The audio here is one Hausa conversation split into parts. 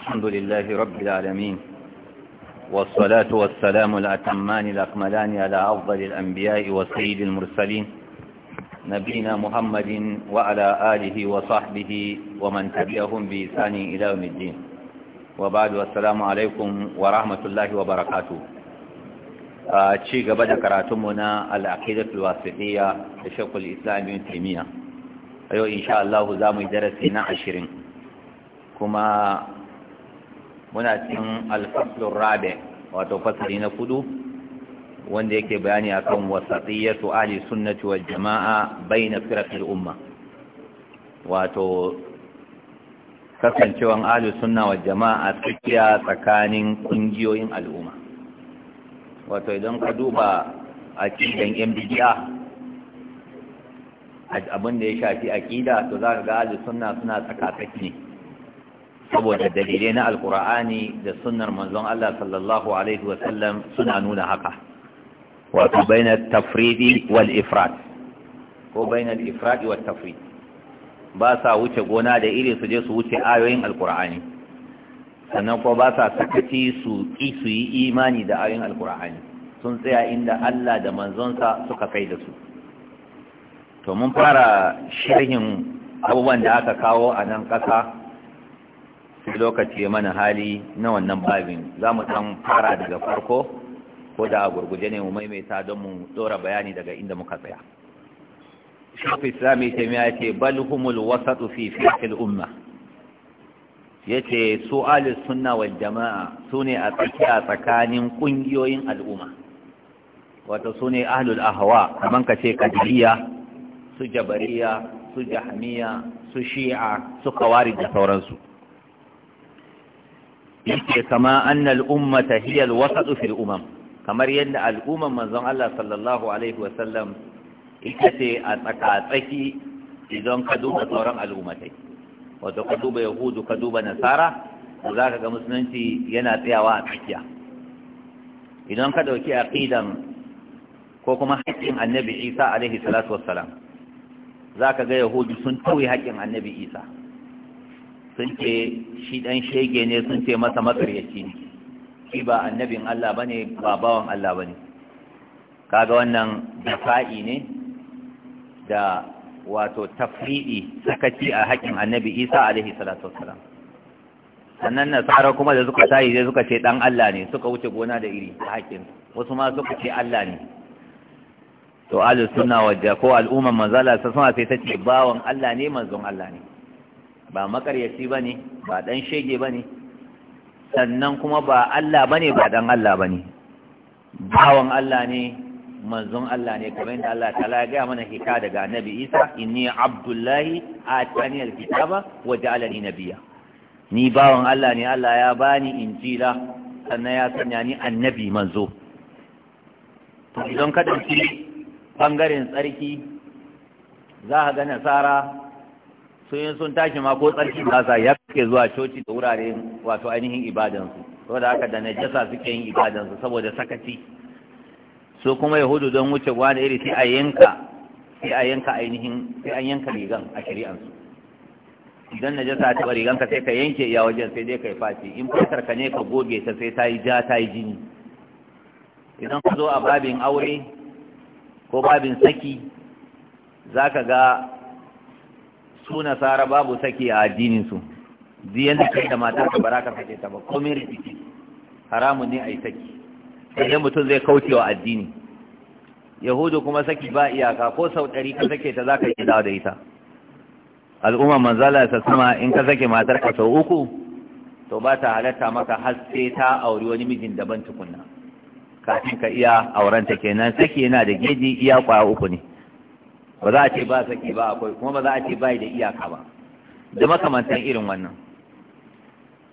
الحمد لله رب العالمين والصلاة والسلام الأتمان الأكملان على أفضل الأنبياء وسيد المرسلين نبينا محمد وعلى آله وصحبه ومن تبعهم بإسان إلى يوم الدين وبعد والسلام عليكم ورحمة الله وبركاته آه، شيء قبل كراتمنا العقيدة الواسطية لشوق الإسلام بن تيمية أيوة إن شاء الله زام درسنا عشرين كما muna cikin alfaslun rabe wato fasali na kudu wanda yake bayani akan wasatiyatu ahli sunnati wal jama'a baina firqil umma wato kasancewan ahli sunna wal jama'a tsakiya tsakanin kungiyoyin al'umma wato idan ka duba a cikin yan bidiya abinda ya shafi aƙida, to zaka ga ahli sunna suna tsakatsaki ne saboda dalilai na alkur'ani da sunnar manzon Allah sallallahu alaihi wasallam suna nuna haka wato baina tafridi wal ifrat ko baina al ifradi wal tafrid ba sa wuce gona da iri su je su wuce ayoyin alkur'ani sannan ko ba sa sakaci su ki su yi imani da ayoyin alkur'ani sun tsaya inda Allah da manzonsa suka kai da su to mun fara sharhin abubuwan da aka kawo a nan ƙasa sai lokaci mana hali na wannan babin za mu ɗan fara daga farko ko da a gurguje ne mu maimaita don mu ɗora bayani daga inda muka tsaya shafi islami ta miya ce bal wasatu fi fiqhil umma Ya ce su alis suna wa jamaa sune a tsakiya tsakanin ƙungiyoyin al'umma Wata sune ahlul ahwa ka ce kadiriya su jabariya su jahmiya su shi'a su kawari da sauransu yake kama annal ummata hiya alwasatu fil umam kamar yadda al'umman manzon Allah sallallahu alaihi wasallam ita ce a tsakatsaki idan ka duba sauran al'ummatai wato ka duba yahudu ka duba nasara za ka ga musulunci yana tsayawa a tsakiya idan ka ɗauki aqidan ko kuma haƙƙin annabi isa alaihi salatu wassalam za ka ga yahudu sun tauye haƙƙin annabi isa sun ce shi ɗan shege ne sun ce masa makaryaci ne shi ba annabin Allah ne ba bawan Allah ba ne kaga wannan dafa'i ne da wato tafriɗi sakaci a haƙin annabi Isa alaihi salatu wasalam sannan nasara kuma da suka tayi sai suka ce ɗan Allah ne suka wuce gona da iri a haƙin wasu ma suka ce Allah ne to ahlus suna wajja ko al'umma manzala sai suna sai ta ce bawan Allah ne manzon Allah ne ba makaryaci ba ne ba ɗan shege ba ne sannan kuma ba Allah ba ne ba ɗan Allah ba ne bawan Allah ne manzon Allah ne kamar yadda Allah ta laga mana hika daga annabi Isa inni abdullahi atani alkitaba wa ja'alani nabiyya ni bawan Allah ne Allah ya bani injila sannan ya sanya ni annabi manzo to idan ka dauki bangaren tsarki za ka ga nasara sun sun tashi ma ko tsarki ba sa ya ke zuwa coci da wurare wato ainihin ibadansu saboda haka da na jasa suke yin ibadansu saboda sakaci su kuma yahudu don wuce gwa da iri sai a yanka sai a yanka ainihin sai an yanka rigan a shari'ansu idan na najasa ta bari ganka sai ka yanke iya wajen sai dai ka yi faci in fatar ka ne ka goge ta sai ta yi ja ta yi jini idan ka zo a babin aure ko babin saki za ka ga su nasara babu saki a addinin su da kai da matar ka baraka sake ta ba komai rikici haramun ne a yi saki sai mutum zai kauce wa addini yahudu kuma saki ba iyaka ko sau ɗari ka sake ta za ka yi da ita al'umma manzala ta sama in ka sake matar ka sau uku to ba ta halatta maka har sai ta auri wani mijin daban tukunna kafin ka iya aurenta kenan saki yana da geji iya kwaya uku ne ba za a ce ba saki ba akwai kuma ba za a ce bai da iyaka ba da makamantan irin wannan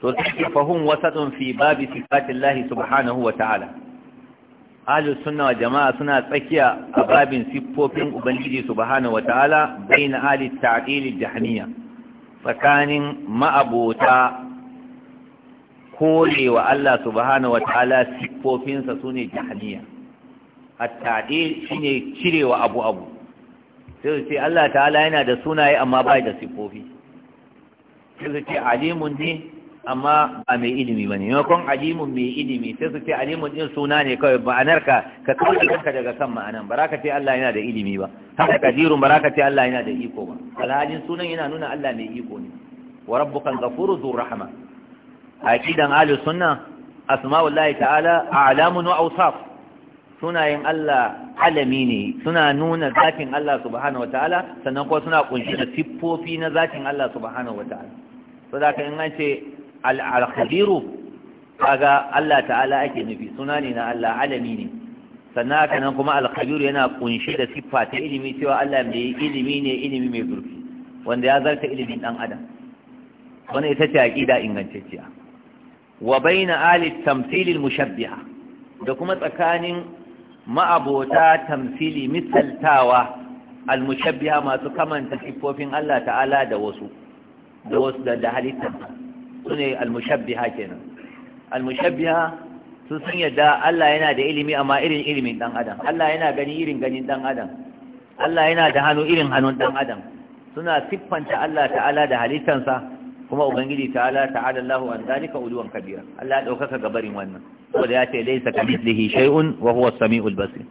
to sai fahum wasatun fi babi sifatillahi subhanahu wa ta'ala ahlus sunna wa jama'a suna tsakiya a babin siffofin ubangiji subhanahu wa ta'ala baina ahli ta'dil jahmiya tsakanin ma'abota kore wa Allah subhanahu wa ta'ala siffofinsa sune jahmiya at-ta'dil shine cirewa abu abu sai su ce Allah ta'ala yana da sunaye amma bai da sifofi sai su ce alimun ne amma ba mai ilimi ba ne maimakon alimun mai ilimi sai su ce alimun din suna ne kawai ma'anar ka ka kawai kanka daga kan ma'anan ba ka ce Allah yana da ilimi ba haka kadirun ba za ka ce Allah yana da iko ba alhalin sunan yana nuna Allah mai iko ne wa rabbukan ghafuru dhur rahma aqidan ahli sunna asma'ullahi ta'ala a'lamun wa awsaf sunayen Allah alami ne suna nuna zafin Allah subhanahu wataala sannan kuma suna kunshi da siffofi na zafin Allah subhanahu wataala so da kan an ce al-khabiru kaga Allah ta'ala ake nufi suna ne na Allah alami ne sannan haka nan kuma al yana kunshi da siffa ta ilimi cewa Allah mai ilimi ne ilimi mai zurfi wanda ya zarta ilimin dan adam wannan ita ce aqida ingantacciya wa baina ali tamthil al-mushabbiha da kuma tsakanin ma'abota tamsili misaltawa almushabbiha masu kamanta siffofin Allah ta'ala da wasu da wasu da halittar su ne almushabbiha kenan almushabbiha sun sun yadda Allah yana da ilimi amma irin ilimin dan adam Allah yana gani irin ganin dan adam Allah yana da hannu irin hannun dan adam suna siffanta Allah ta'ala da halittansa kuma ubangiji ta'ala ta'ala Allahu an zalika uluwan kabira Allah ya dauka gabarin wannan saboda ya ce laisa kamithlihi shay'un wa huwa as-sami'ul basir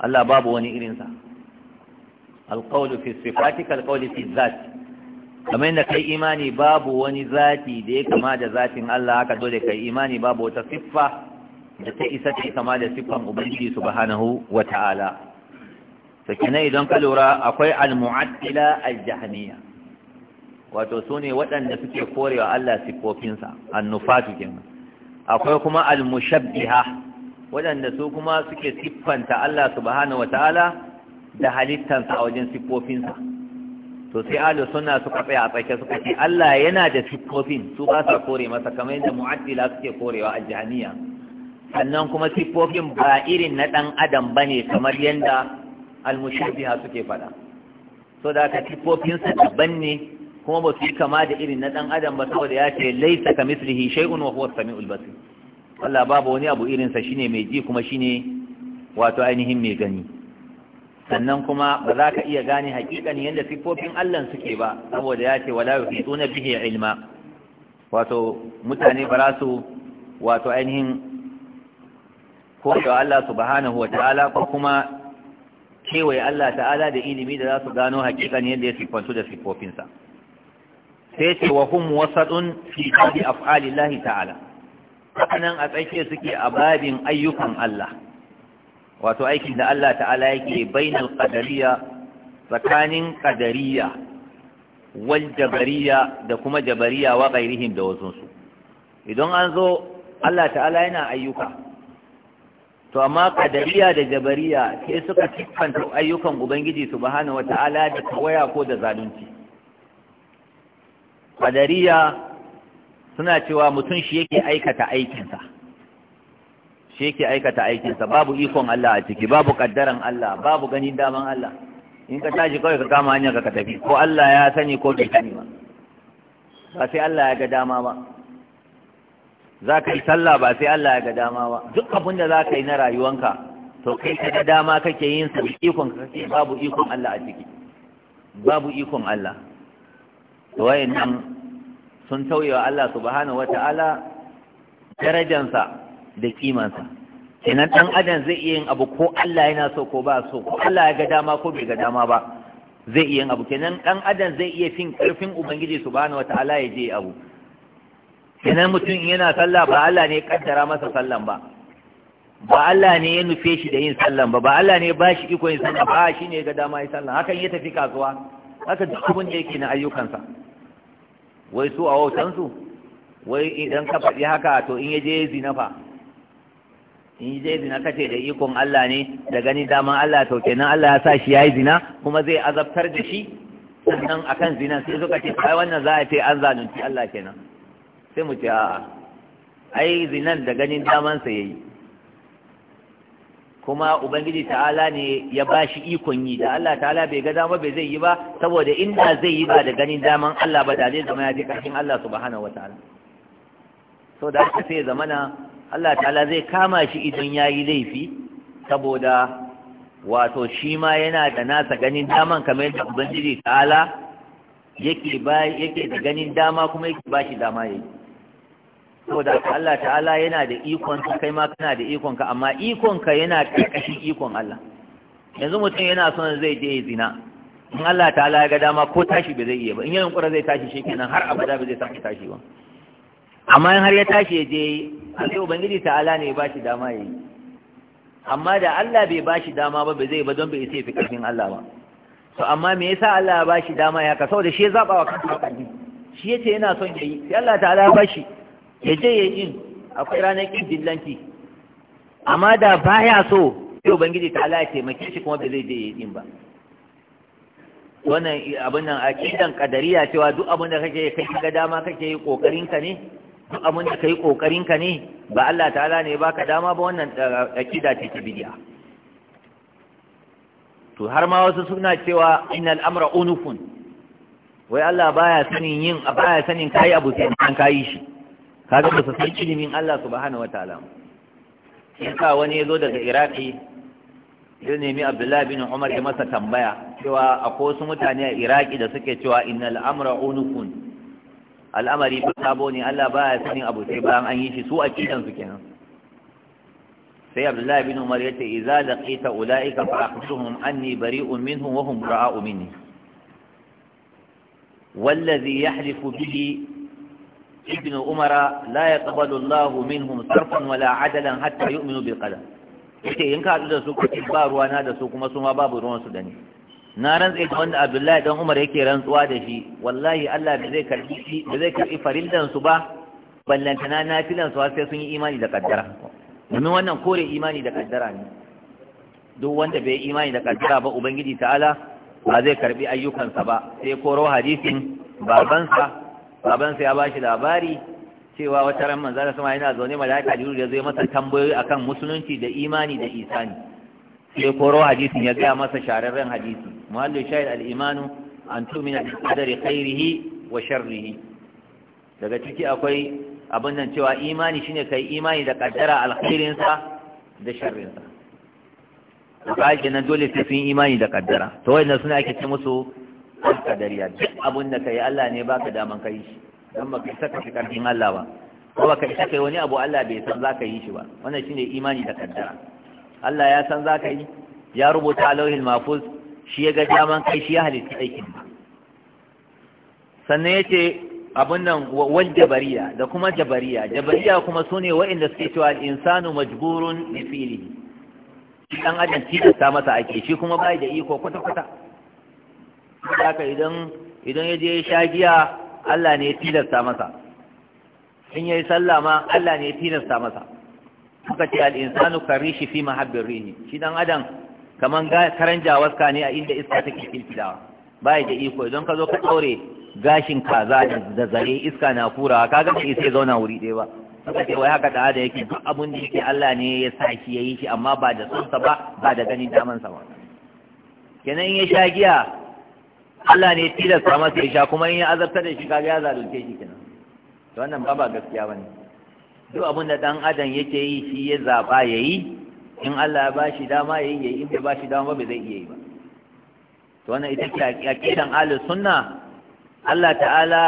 Allah babu wani irin sa alqawlu fi sifati fi kamar da kai imani babu wani zati da ya kama da zatin Allah haka dole kai imani babu wata siffa da ta isa ta kama da siffan ubangiji subhanahu wa ta'ala sakina idan ka lura akwai al a al wato sune waɗanda suke korewa Allah siffofinsa annufatu kenan akwai kuma al-mushabbiha waɗanda su kuma suke siffanta Allah subhanahu wataala da halittansa a wajen siffofinsa to sai suna sunna suka tsaya a tsakiya suka ce Allah yana da siffofin su ba sa kore masa kamar yadda mu'addila suke korewa a jahaniya sannan kuma siffofin ba irin na ɗan adam bane kamar yadda al-mushabbiha suke faɗa so da ka siffofinsa daban ne kuma ba su yi kama da irin na ɗan adam ba saboda ya ce laisa ka mislihi shay'un wa huwa samiul basir Allah babu wani abu irin sa shine mai ji kuma shine wato ainihin mai gani sannan kuma ba za ka iya gane hakikani yadda siffofin Allah suke ba saboda ya ce wala yuhituna bihi ilma wato mutane ba za su wato ainihin ko da Allah subhanahu wataala ko kuma kewaye Allah ta'ala da ilimi da za su gano hakikani yadda ya siffantu da siffofinsa sai ce wa hum wasadun fi babi af'alillahi ta'ala hakanan a tsakiya suke a babin ayyukan Allah wato aikin da Allah ta'ala yake bainal qadariya tsakanin qadariya wal jabariya da kuma jabariya wa ghairihim da wasunsu idan an zo Allah ta'ala yana ayyuka to amma kadariya da jabariya sai suka siffanta ayyukan ubangiji subhanahu wataala da tawaya ko da zalunci Ƙadariya suna cewa mutum shi yake aikata aikinsa shi yake aikata aikinsa babu ikon Allah a ciki babu ƙaddaran Allah babu ganin daman Allah in ka tashi kawai ka kama hanyar ka tafi ko Allah ya sani ko bai sani ba ba sai Allah ya ga dama ba za ka yi sallah ba sai Allah ya ga dama ba duk abin da za ka yi na rayuwanka to kai ka ga dama kake yin sa ikon kake babu ikon Allah a ciki babu ikon Allah nan sun tauye wa Allah subhanahu wata'ala darajansa da kimansa kenan dan adam zai iya yin abu ko Allah yana so ko ba so ko Allah ya ga dama ko bai ga dama ba zai iya yin abu kenan dan adam zai iya fin karfin ubangiji subhanahu wata'ala ya je abu kenan mutum yana sallah ba Allah ne ya kaddara masa sallan ba ba Allah ne ya nufe shi da yin sallan ba ba Allah ne ba shi iko yin sallan ba shi ne ga dama yin sallan hakan ya tafi kasuwa haka duk abin da yake na ayyukansa wai su a wautansu wai idan ka faɗi haka to in yaje zina fa in yaje zina kace da ikon Allah ne da gani daman Allah to kenan Allah ya sa shi yayi zina kuma zai azabtar da shi sannan akan zina sai suka ce ai wannan za a ce an zanunci Allah kenan sai mu ce a'a ai zinan da ganin daman sa yayi kuma ubangiji ta'ala ne ya ba shi ikon yi da Allah ta'ala bai ga dama bai zai yi ba saboda inda zai yi ba da ganin daman Allah ba da zai zama ya ji ƙarshen Allah subhanahu wata'ala so da aka sai zamana Allah ta'ala zai kama shi idan ya yi laifi saboda wato shi ma yana da nasa ganin daman kamar yadda ubangiji ta'ala yake da ganin dama kuma yake ba shi dama yayi saboda Allah ta'ala yana da ikon ka kai ma kana da ikon ka amma ikon ka yana ƙarƙashin ikon Allah yanzu mutum yana son zai je ya zina in Allah ta'ala ya ga dama ko tashi ba zai iya ba in yayin ƙura zai tashi shikenan har abada ba zai sake tashi ba amma in har ya tashi ya je sai ubangiji ta'ala ne ya shi dama yayi amma da Allah bai ba shi dama ba bai zai ba don bai isa fi ƙarfin Allah ba to amma me yasa Allah ya ba shi dama ya ka saboda shi ya zaba wa kansa shi yace yana son yayi sai Allah ta'ala ya bashi ya je ya yi akwai ranar ƙin dillanci amma da baya so yau ubangiji ta ala ya taimake shi kuma ba zai je ya yi ba wannan abin nan ƙidan ƙadariya cewa duk abin da kake kai ga dama kake yi ƙoƙarin ka ne duk abin da kai ƙoƙarin ka ne ba Allah ta'ala ne baka dama ba wannan ƙida eh, ce ta bidiya to har ma wasu suna cewa innal amra unufun wai Allah baya sanin yin baya sanin kai abu sai an kai shi kaga ba su san ilimin Allah subhanahu wataala in ka wani ya zo daga iraki ya nemi abdullahi bin umar ya masa tambaya cewa akwai wasu mutane a iraki da suke cewa innal amra unukun al'amari ba sabo ne Allah baya sanin abu sai bayan an yi shi su a kidan su kenan sai abdullahi bin umar ya ce idza laqita ulaika fa akhbirhum anni bari'un minhum wa hum ra'u minni wallazi yahlifu bihi ابن عمر لا يقبل الله منهم صرفا ولا عدلا حتى يؤمنوا بالقدر yace in ka da su kuci ba ruwa na da su kuma su ma babu ruwan su da ni na rantsa da wanda Abdullahi dan Umar yake rantsuwa da shi wallahi Allah da zai karbi shi ba zai karbi farildan su ba ballantana na filan su sai sun yi imani da kaddara domin wannan kore imani da kaddara ne duk wanda bai imani da kaddara ba ubangiji ta'ala ba zai karbi ayyukansa ba sai koro hadisin babansa babansa ya bashi labari cewa wata ran manzara sama yana zaune malaika jiru ya zai masa tambayoyi akan musulunci da imani da isani sai koro hadisin ya gaya masa shararren hadisi muhallu shahid al-imanu an tumina bi qadari khairihi wa sharrihi daga ciki akwai abin nan cewa imani shine kai imani da kaddara sa da Su to kaje nan dole sai sun imani da kaddara to wannan suna ake ce musu dariya duk abin da ka yi Allah ne baka daman ka yi shi don baka isa ka fi ƙarfin Allah ba ko baka isa ka yi wani abu Allah bai san za ka yi shi ba wannan shine imani da kaddara Allah ya san za ka yi ya rubuta lauhin mafuz shi ya ga daman kai shi ya halitta aikin ba sannan ya ce abin nan wal jabariya da kuma jabariya jabariya kuma su ne wa'inda suke cewa insanu majburun bi fi'lihi shi dan adam ta masa ake shi kuma bai da iko kwata-kwata haka idan idan ya je sha giya Allah ne tilasta masa in yayi sallah ma Allah ne ya tilasta masa haka ce al-insanu karishi fi mahabbir rihi shi dan adam kaman ga karan jawaska ne a inda iska take filfilawa baya da iko idan ka zo ka daure gashin kaza da zare iska na furawa kaga ba sai zauna wuri ɗaya ba haka ce wai haka da yake duk abun da yake Allah ne ya sa shi yayi shi amma ba da sonsa ba ba da ganin daman sa ba kenan in ya sha giya Allah ne tilasta masa ya sha kuma in ya azabtar da shi kaga ya zalunce shi kenan to wannan ba ba gaskiya bane duk abin da dan adam yake yi shi ya zaba yayi in Allah ya bashi dama yayi yayi in bai bashi dama ba zai iya yi ba to wannan ita ce aqidan ahlus sunna Allah ta'ala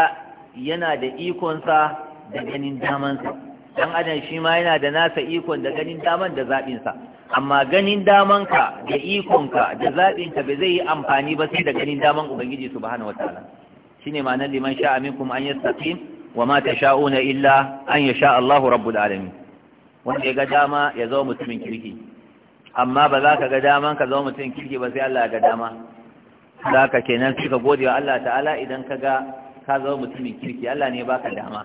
yana da ikon sa da ganin daman sa dan adam shi ma yana da nasa ikon da ganin daman da zabin sa amma ganin damanka da ikonka da zaɓinka bai zai yi amfani ba sai da ganin daman ubangiji wata. wataala ne ma'anar liman sha'a minkum an wa mata sha'una illa an sha Allahu rabbul alamin wanda ya ga dama ya zama mutumin kirki amma ba za ka ga daman ka zama mutumin kirki ba sai Allah ya ga dama za ka kenan suka gode wa Allah ta'ala idan ka ga ka zama mutumin kirki Allah ne baka dama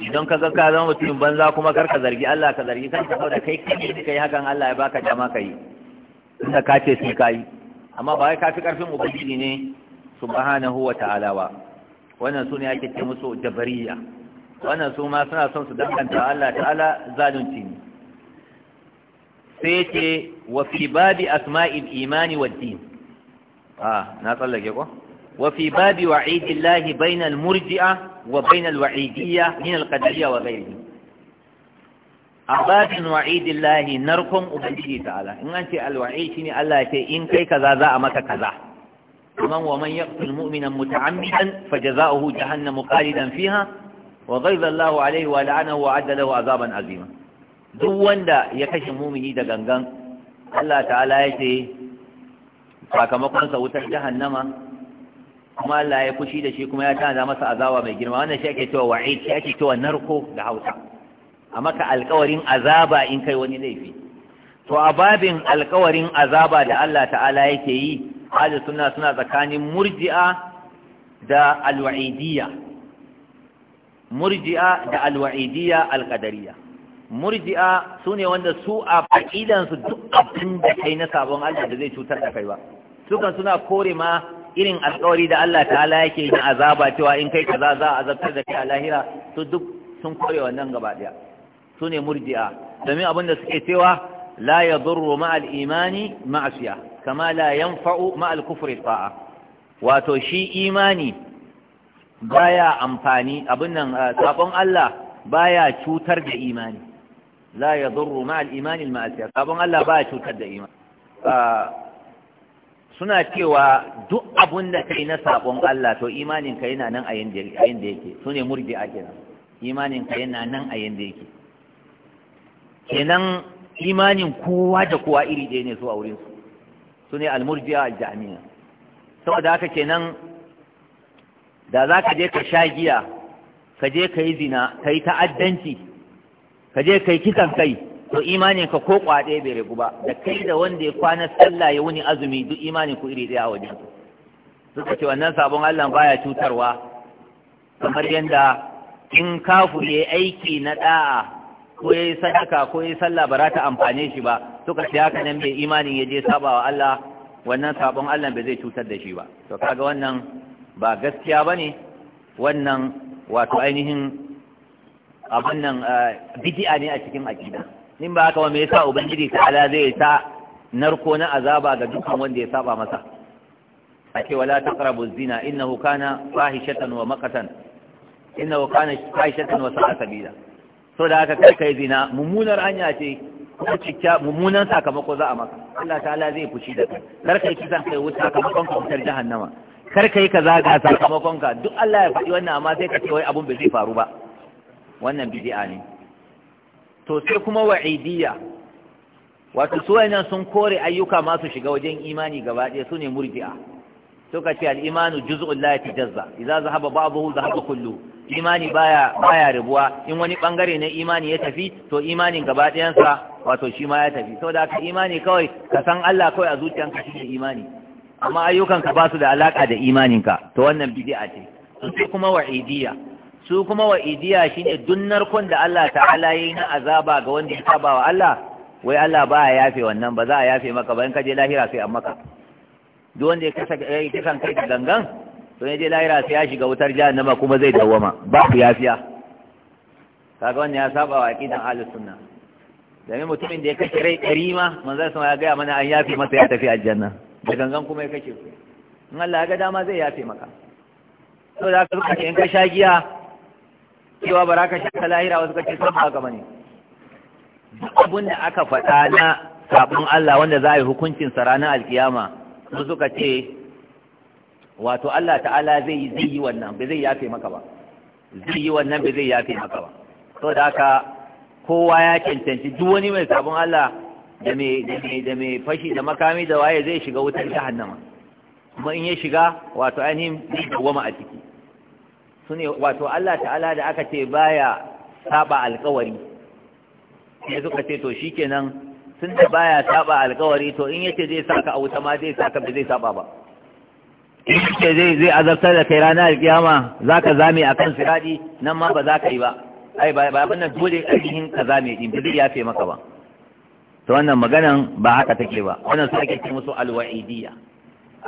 idan ka ga ka zama mutum banza kuma kar ka zargi Allah ka zargi kanka saboda kai kai ne kai hakan Allah ya baka dama ka yi ka ce sai ka yi amma ba kai ka fi karfin ubangiji ne subhanahu wa ta'ala ba wannan su ne ake ce musu jabariya wannan su ma suna son su danganta Allah ta'ala zalunci ne sai ce wa fi babi asma'il imani wa din ah na tsallake ko وفي باب وعيد الله بين المرجئة وبين الوعيدية من القدرية وغيرهم أباد وعيد الله نركم أبنجي تعالى إن أنت الوعيد شني الله يتي إن كي كذا ذا أمك كذا ومن ومن يقتل مؤمنا متعمدا فجزاؤه جهنم خالدا فيها وغيظ الله عليه ولعنه وعد له عذابا عظيما duk wanda ya kashe mumini da gangan Allah ta'ala ya ce sakamakonsa wutar jahannama kuma Allah ya fushi da shi kuma ya tana masa azaba mai girma wannan shi ake cewa wa'id shi ake cewa narko da Hausa a maka alƙawarin azaba in kai wani laifi to a babin alƙawarin azaba da Allah ta'ala yake yi ahli sunna suna tsakanin murji'a da alwa'idiyya murji'a da alwa'idiyya alqadariyya murji'a sune wanda su a fa'idan su duk abin da kai na sabon Allah da zai cutar da kai ba sukan suna kore ma irin alƙawari da Allah ta'ala yake yin azaba cewa in kai kaza za a azabtar da kai a lahira to duk sun kore wannan gaba daya su ne murji'a domin abin da suke cewa la ya yadurru ma'al imani ma'asiya kama la yanfa'u ma'al kufri ta'a wato shi imani baya amfani abin nan sabon Allah baya cutar da imani la yadurru ma'al imani al-ma'asiya sabon Allah baya cutar da imani suna cewa duk abun da kai na sabon Allah to imanin ka yana nan a yanda yake su ne a kenan imanin ka yana nan a yanda yake kenan imanin kowa da kowa iri ɗaya ne su a wurin su su ne a aljami'a saboda haka kenan da za ka je ka sha giya ka je ka yi zina ka yi ta'addanci ka je ka yi kisan kai to imanin ka ko kwaɗe bai ragu ba da kai da wanda ya kwana sallah ya wuni azumi duk imanin ku iri ɗaya a wajen suka ce wannan sabon Allah baya cutarwa kamar yadda in kafu ya aiki na da'a ko ya yi sadaka ko ya yi sallah ba za ta amfane shi ba suka ce haka nan bai imanin ya je saba wa Allah wannan sabon Allah bai zai cutar da shi ba to kaga wannan ba gaskiya bane wannan wato ainihin abin nan eh, bid'a ne a cikin aqida in ba haka ba me yasa ubangiji ala zai ta narko na azaba ga dukkan wanda ya saba masa a ce wala taqrabu zina innahu kana fahishatan wa maqatan innahu kana fahishatan wa sa'a sabila so da haka kai kai zina mummunar hanya ce ko cikya mummunan sakamako za a maka Allah ta'ala zai fushi da kai kar kai kisan kai wuta sakamakon ka fitar jahannama kar kai ka ga sakamakon ka duk Allah ya faɗi wannan amma sai ka ce wai abun bai zai faru ba wannan bid'a ne to sai kuma wa'idiyya wato su wayannan sun kore ayyuka masu shiga wajen imani gaba ɗaya su ne murji'a suka ce al'imanu juz'un la yatajazza idza zahaba ba'dahu zahaba kullu imani baya baya rabuwa in wani bangare na imani ya tafi to imanin gaba ɗayansa wato shi ma ya tafi saboda haka imani kawai ka san Allah kawai a zuciyarka shi imani amma ayyukanka ba su da alaka da imaninka to wannan bid'a ce sai kuma wa'idiyya su kuma wa idiya shine dunnar kun da Allah ta'ala yi na azaba ga wanda ya saba wa Allah wai Allah ba ya yafe wannan ba za a yafe maka ba in ka je lahira sai an maka duk wanda ya kasa ya kasan kai da gangan to ne je lahira sai ya shiga wutar jahannama kuma zai dawwama ba ku yafiya kaga wannan ya saba wa aqidan ahli sunna domin mutumin da ya kashe rai ɗari ma manzon sama ya gaya mana an yafe masa ya tafi aljanna da gangan kuma ya kashe ku in Allah ya ga dama zai yafe maka da ka saboda haka in ka sha giya cewa ba za ka sha ta lahira wasu kace sun ba gaba mani. abun da aka faɗa na sabon Allah wanda za a yi hukuncin sa ranar alkiyama su suka ce wato Allah ta'ala zai yi zai yi wannan bai zai yafe maka ba zai yi wannan bai zai yafe maka ba to da haka kowa ya cancanci duk wani mai sabon Allah da mai da mai fashi da makami da waye zai shiga wutar jahannama kuma in ya shiga wato ainihin zai dawwama a ciki ne wato Allah ta'ala da aka ce baya saba alkawari sai suka ce to shikenan sun da baya saba alkawari to in yace zai saka a wuta ma zai saka ba zai saba ba in yace zai zai azabtar da kai ranar kiyama zaka zame akan siradi nan ma ba za ka yi ba ai ba ba wannan dole ainihin ka zame din ba zai yafe maka ba to wannan maganan ba haka take ba wannan sake ce musu alwa'idiyya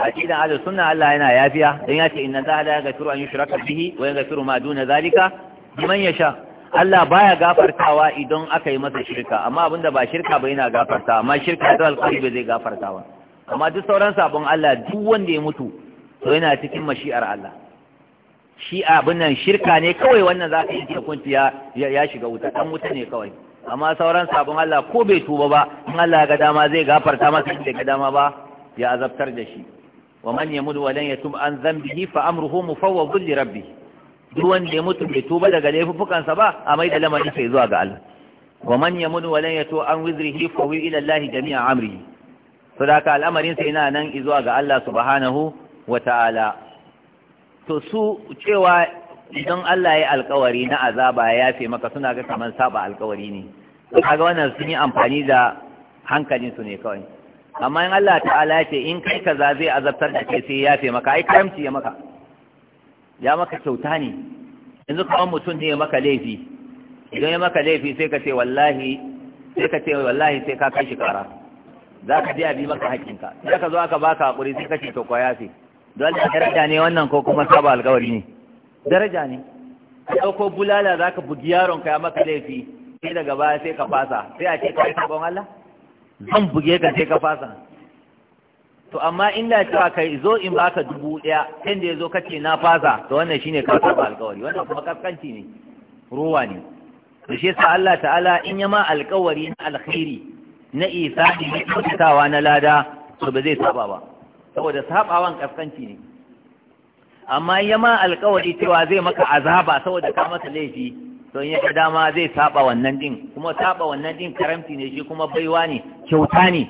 a cikin ahlus sunna Allah yana yafiya dan ya ce inna za ya yaghfiru an yushraka bihi wa yaghfiru ma duna zalika liman yasha Allah baya gafartawa idan aka yi masa shirka amma abinda ba shirka ba yana gafarta amma shirka ta alƙalbi zai gafartawa amma duk sauran sabon Allah duk wanda ya mutu to yana cikin mashi'ar Allah shi abin nan shirka ne kawai wannan za ka yi hukunci ya shiga wuta dan wuta ne kawai amma sauran sabon Allah ko bai tuba ba in Allah ga dama zai gafarta masa in ga dama ba ya azabtar da shi wa man yamut wa lan yatub an dhanbihi fa amruhu mufawwadun li rabbih duk wanda ya mutu bai tuba daga laifukansa ba a mai da lamarin sai zuwa ga Allah wa man yamut wa lan yatub an wizrihi fa wi jami'a amrihi to da ka nan zuwa ga Allah subhanahu wa ta'ala to su cewa idan Allah ya yi alkawari na azaba ya yafe maka suna ga saba alkawari ne kaga wannan sun yi amfani da hankalinsu ne kawai amma in Allah ta'ala ya ce in kai kaza zai azabtar da kai sai ya fi maka ai karamci ya maka ya maka kyauta ne yanzu kawai mutum ne ya maka laifi idan ya maka laifi sai ka ce wallahi sai ka ce wallahi sai ka kai shi kara za ka je a bi maka haƙƙinka sai ka zo aka baka haƙuri sai ka ce to kwaya sai don da daraja ne wannan ko kuma saba alƙawari ne daraja ne ko ko bulala za ka bugi yaronka ya maka laifi sai daga baya sai ka fasa sai a ce ka sabon Allah zan buge ka sai ka fasa to amma in da cewa kai zo in baka dubu ɗaya inda ya zo kace na fasa to wannan shine ka saba alkawari wannan kuma kaskanci ne ruwa ne to shi sa Allah ta'ala in ya ma alkawari na alkhairi na isa ne kyautatawa na lada to ba zai saba ba saboda sabawan kaskanci ne amma ya ma alkawari cewa zai maka azaba saboda ka masa laifi don ya ga dama zai saba wannan din kuma saba wannan din karamti ne shi kuma baiwa ne kyauta ne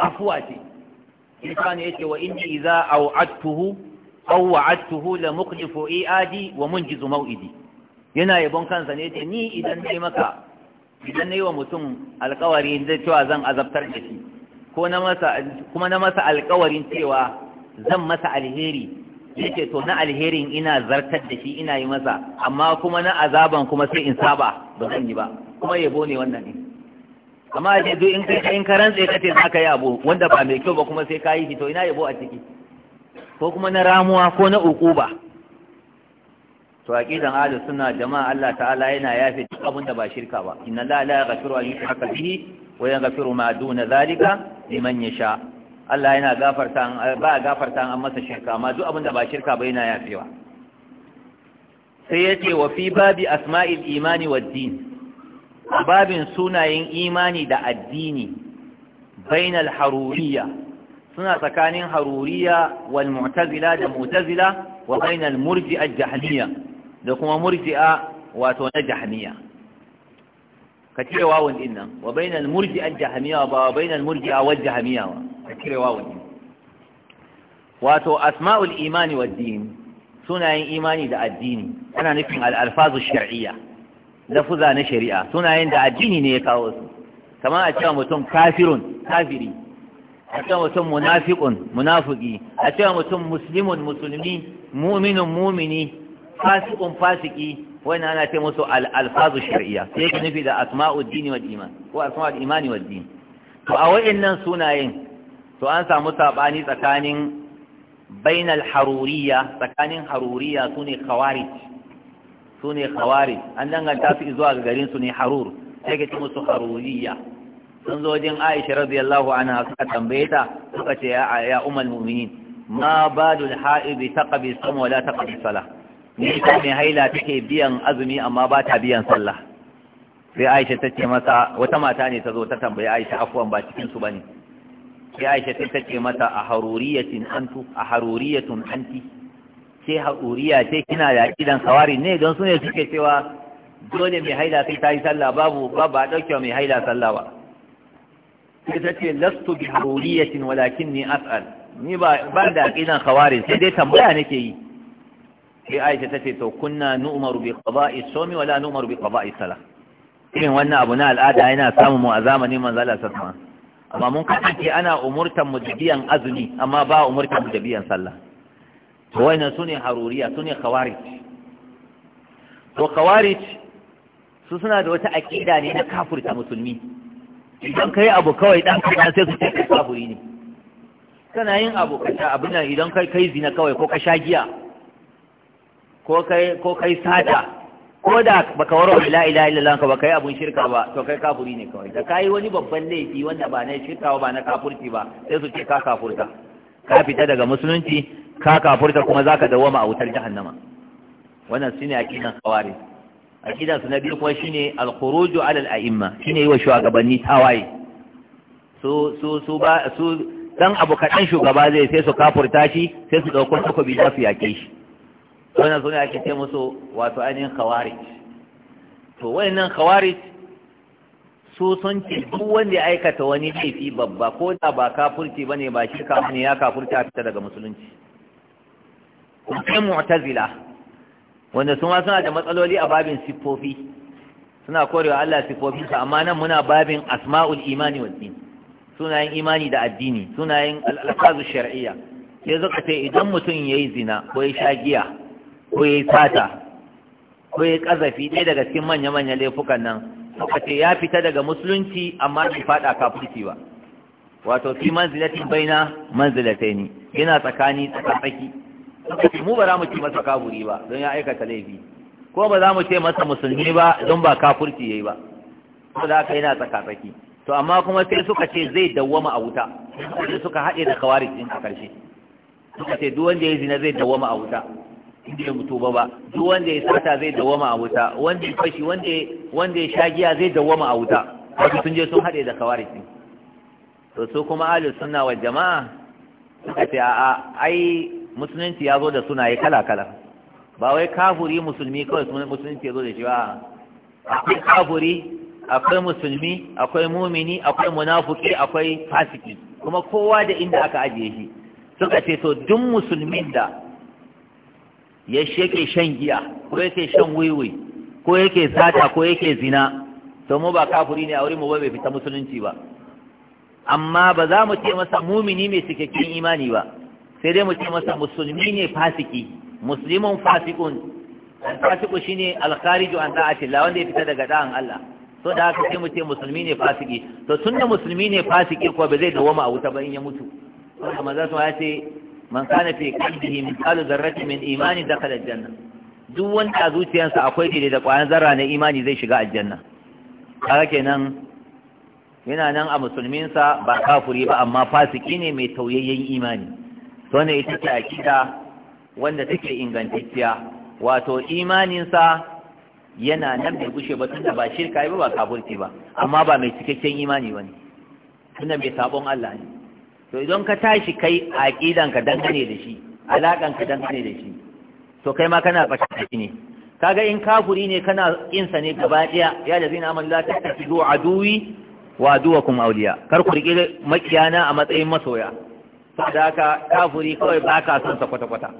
afuwa ce isa ne yake wa inni idza au'attuhu aw wa'adtuhu la muqlifu i'adi wa munjizu maw'idi yana yabon kansa ne yace ni idan dai maka idan nayi wa mutum alƙawari da cewa zan azabtar da shi ko na masa kuma na masa alƙawarin cewa zan masa alheri yake to na alherin ina zartar da shi ina yi masa amma kuma na azaban kuma sai in saba ba zan yi ba kuma yabo ne wannan ne amma ce duk in kai in karan tsaye kace za ka yi abu wanda ba mai kyau ba kuma sai ka yi shi to ina yabo a ciki ko kuma na ramuwa ko na ukuba to aqidan ahlus sunna jama'a Allah ta'ala yana yafe duk abin da ba shirka ba inna la la yaghfiru an yushraka bihi wa yaghfiru ma duna zalika liman yasha Allah yana gafarta ba gafarta an masa shirka amma duk abinda ba shirka ba yana yafewa sai yace wa fi babi asma'il imani waddini babin sunayen imani da addini bainal haruriya suna tsakanin haruriya wal mu'tazila da mu'tazila wa bainal murji'a jahmiya da kuma murji'a wato na jahmiya ka cire wawun din nan wa bainal an jahmiya ba wa bainal a wajen jahmiya ka cire wawun din wato asma'ul imani wad din sunayen imani da addini ana nufin al'alfazu alfazu shar'iyya lafuza na shari'a sunayen da addini ne ya kawo su kamar a cewa mutum kafirun kafiri a cewa mutum munafiqun munafiki a cewa mutum muslimun musulmi mu'minun mu'mini fasiqun fasiki wannan ana ce musu alfazu shari'a sai ku nufi da asma'ud dini wal iman ko asma'ud imani wal din to a wayannan sunayen to an samu sabani tsakanin bainal haruriya tsakanin haruriya sune khawarij sune khawarij an danganta su zuwa ga garin su ne harur sai ka ce musu haruriya sun zo Aisha radiyallahu anha suka tambaye ta suka ce ya ya ummul mu'minin ma balul ha'id taqbi sama wala taqbi salah ni ta mai haila take biyan azumi amma ba ta biyan sallah sai aisha ta ce masa wata mata ne ta zo ta tambayi aisha afuwan ba cikin su bane sai aisha ta ce mata a haruriyatin antu a haruriyatun anti sai haruriya ce kina da kidan sawari ne don su ne suke cewa dole mai haila sai ta yi sallah babu babu a dauke mai haila sallah ba sai ta ce lastu bi haruriyatin walakin ni as'al ni ba ba da kidan kawari sai dai tambaya nake yi sai aisha ta ce to kunna nu'maru bi qada'i sawmi wala nu'maru bi qada'i salah irin wannan abu na al'ada yana samu mu a zamanin manzo Allah sallallahu alaihi amma mun kasance ana umurtan mu biyan azumi amma ba umurtan mu biyan sallah to wannan sune haruriya sune khawarij to khawarij su suna da wata aqida ne na kafirta musulmi idan kai abu kawai dan kai sai su ce kafiri ne kana yin abu kaza abin nan idan kai kai zina kawai ko ka sha giya ko kai ko kai sada ko da baka waro la ilaha illallah ka baka yi abun shirka ba to kai kafuri ne kawai da kai wani babban laifi wanda ba na shirka ba na kafurci ba sai su ce ka kafurta ka fita daga musulunci ka kafurta kuma zaka ma a wutar jahannama wannan shine aqidan kawari aqidan su na biyu kuma shine al-khuruju ala al-a'imma shine yi wa shugabanni tawaye su su su ba su dan abu kadan shugaba zai sai su kafurta shi sai su dauko takobi da su yake shi wannan sune ake ce musu wato ainihin khawarij to wayannan khawarij su sun ce duk wanda ya aikata wani laifi babba ko da ba kafurci bane ba shi ka ne ya a fita daga musulunci sai mu'tazila wanda su ma suna da matsaloli a babin siffofi suna korewa Allah su amma nan muna babin asma'ul imani wal din sunayen imani da addini sunayen al'alfazu shar'iyya sai suka ce idan mutum yayi zina ko ya sha giya ko ya yi sata ko ya ƙazafi ɗaya daga cikin manya-manyan laifukan nan suka ce ya fita daga musulunci amma bai faɗa kafirci ba wato fi manzilatin baina ne yana tsakani tsakaki suka ce mu ba za mu ce masa kafuri ba don ya aikata laifi ko ba za mu ce masa musulmi ba don ba kafurci yi ba ko da haka yana tsakatsaki to amma kuma sai suka ce zai dawwama a wuta suka haɗe da kawarin ɗin a ƙarshe suka ce duk wanda ya zina zai dawwama a wuta inda ya mutu ba ba duk wanda ya sata zai dawama a wuta wanda ya fashi wanda ya sha giya zai dawama a wuta wato sun je sun haɗe da kawari ɗin to su kuma ahlus sunna wa jama'a suka ce a'a ai musulunci ya zo da sunaye kala kala ba wai kafuri musulmi kawai musulunci ya zo da shi ba akwai kafuri akwai musulmi akwai mumini akwai munafuki akwai fasiki kuma kowa da inda aka ajiye shi suka ce to duk musulmin da ya yake shan giya ko yake shan wiwi ko yake sata ko yake zina to mu ba kafuri ne a wurin mu ba bai fita musulunci ba amma ba za mu ce masa mumini mai cikakken imani ba sai dai mu ce masa musulmi ne fasiki Musulmin fasikun fasiku shine alkhariju an da'ati la wanda ya fita daga da'an Allah so da haka sai mu ce musulmi ne fasiki to tunda musulmi ne fasiki ko ba zai ma a wuta ba in ya mutu amma za ya ce man kana fi qalbihi mithqalu dharratin min imani dakhala duk wanda a zuciyarsa akwai dide da kwayan zarra na imani zai shiga aljanna kaga kenan yana nan a musulminsa ba kafuri ba amma fasiki ne mai tauyayyen imani to ne ita ce akida wanda take ingantacciya wato imaninsa yana nan bai gushe ba tunda ba shirka ba ba kafurci ba amma ba mai cikakken imani bane tunda mai sabon Allah ne to idan ka tashi kai a aqidanka dangane da shi alaƙanka dangane da shi to kai ma kana ɓata shi ne kaga in kafuri ne kana kinsa ne gaba daya ya da zina amal la zuwa aduwi wa kuma awliya kar ku rike makiyana a matsayin masoya saboda haka kafuri kawai ba ka son sa kwata kwata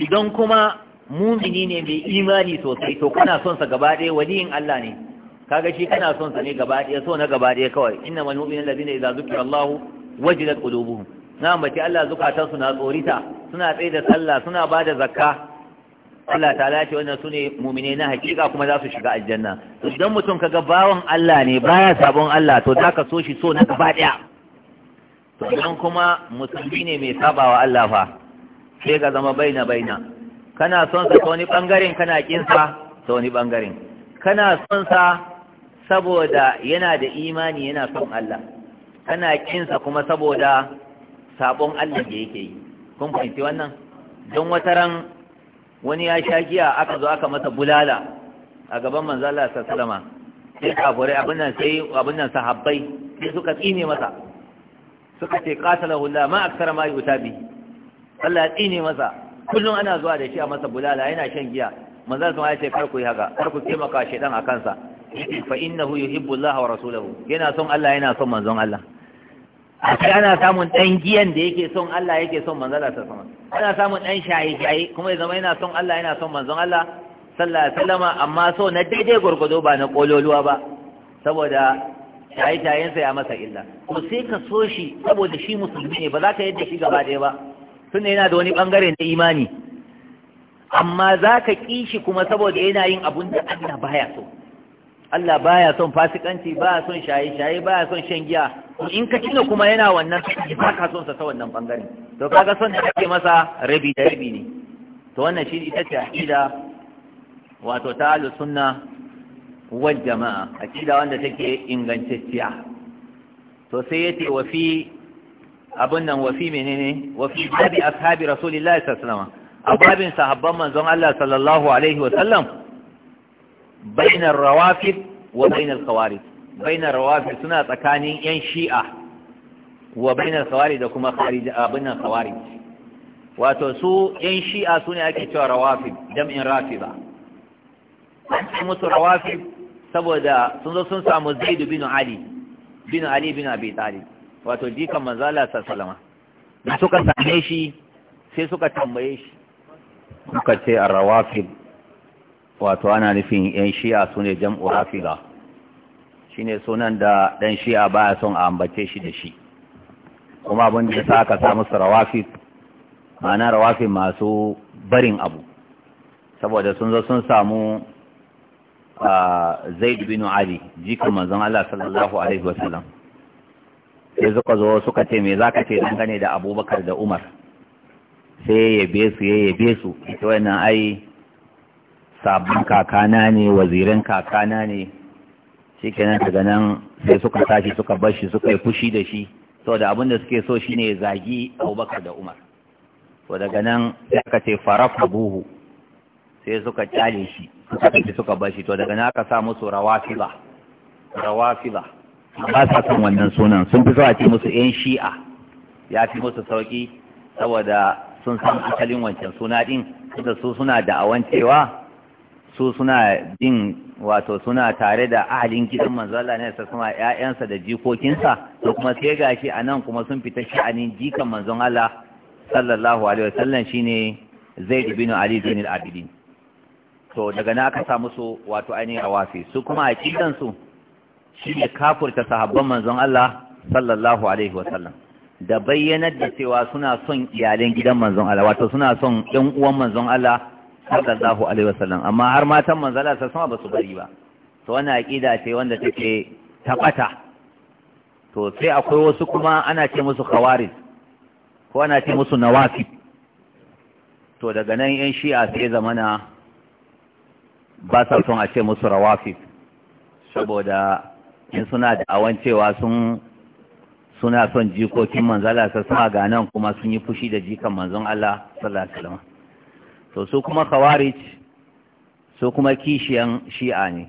idan kuma mumini ne mai imani sosai to kana son sa gaba daya waliyin Allah ne kaga shi kana son sa ne gaba daya so na gaba daya kawai innamal mu'minu allazina idza zukira Allahu wajilat qulubuhum na ambaci Allah su na tsorita suna tsaye da sallah suna ba da zakka Allah ta ce wannan sune mu'mine na hakika kuma za su shiga aljanna to idan mutum kaga bawon Allah ne baya sabon Allah to zaka so shi so na gaba daya to idan kuma musulmi ne mai sabawa Allah fa sai ka zama baina baina kana son sa ta wani bangaren kana kin sa ta wani bangaren kana son sa saboda yana da imani yana son Allah kana kinsa kuma saboda sabon Allah da yake yi kun fahimci wannan don wata ran wani ya sha giya aka zo aka masa bulala a gaban manzo Allah sallama sai kafirai abin nan sai abin nan sahabbai sai suka tsine masa suka ce qatalahu la ma aksara ma yutabi Allah ya tsine masa kullum ana zuwa da shi a masa bulala yana shan giya manzo Allah ya ce kar ku yi haka kar ku taimaka shedan a kansa fa innahu yuhibbu Allah wa rasulahu yana son Allah yana son manzon Allah akai ana samun ɗan giyan da yake son Allah yake son manzon Allah sallallahu ana samun ɗan shaye shaye kuma ya zama yana son Allah yana son manzon Allah sallallahu alaihi wasallam amma so na daidai gurgudo ba na kololuwa ba saboda shaye shayen sa ya masa illa ko sai ka so shi saboda shi musulmi ne ba za ka yadda shi gaba ɗaya ba tunda yana da wani bangare na imani amma za ka ƙi shi kuma saboda yana yin abun da Allah baya so Allah baya son fasikanci baya son shaye-shaye baya son shan giya in ka kina kuma yana wannan ba ka son sa ta wannan bangare. to kaga son da kake masa rabi da rabi ne to wannan shi ita ce aqida wato ta ahlus sunna wal jamaa aqida wanda take ingantacciya to sai yace wa fi abun nan wa fi menene wa fi babi ashabi rasulillahi sallallahu alaihi wasallam ababin sahabban manzon Allah sallallahu alaihi wasallam bainar rawafid wa bainar khawarij bainar rawafid suna tsakanin yan shi'a wa bainar khawarij da kuma kharij abinan wato su yan shi'a sune ake cewa rawafid jam'in rafida an ce musu rawafid saboda sun zo sun samu zaidu bin ali bin ali bin abi talib wato jikan manzala sassalama, da suka same shi sai suka tambaye shi suka ce a rawafid wato ana nufin ‘yan shi'a su ne jam'u rafila shi ne sunan da ɗan shi'a baya son a ambace shi da shi kuma abin da sa aka samu su rawafi ma'ana rawafi masu barin abu saboda sun zo sun samu zaid bin ali jikin manzon Allah sallallahu alaihi wasallam sai suka zo suka ce me zaka ce dangane da abubakar da umar sai ya yabe su ya yabe su ita wannan ai sabon kakana ne wazirin kakana ne shi kenan daga nan sai suka tashi suka bar shi suka yi fushi da shi da abin da suke so shi ne zagi abubakar da umar to daga nan sai aka ce farar buhu sai suka kyale shi suka tafi suka bar shi to daga nan aka sa musu rawafila rawafila ba sa son wannan sunan sun fi zuwa ce musu yan shi'a ya fi musu sauki saboda sun san asalin wancan suna din da su suna da awancewa? su suna jin wato suna tare da ahalin gidan manzo Allah ne sai kuma ƴaƴansa da jikokinsa to kuma sai gashi anan kuma sun fita sha'anin jikan manzon Allah sallallahu alaihi wasallam shine Zaid bin Ali bin al-Abidin to daga na aka samu su wato ainihin rawasi su kuma aqidan su shine kafurta sahabban manzon Allah sallallahu alaihi wasallam da bayyanar da cewa suna son iyalin gidan manzon Allah wato suna son ɗan uwan manzon Allah sallallahu alaihi wasallam amma har matan manzala sa sama ba su bari ba to wannan aqida ce wanda take tabata to sai akwai wasu kuma ana ce musu khawarij ko ana ce musu nawafi to daga nan yan shi'a sai zamana ba sa son a ce musu rawafi saboda in suna da awan cewa sun suna son jikokin manzala sa sama ga nan kuma sun yi fushi da jikan manzon Allah sallallahu alaihi wasallam to su kuma khawarij su kuma kishiyan shi'a ne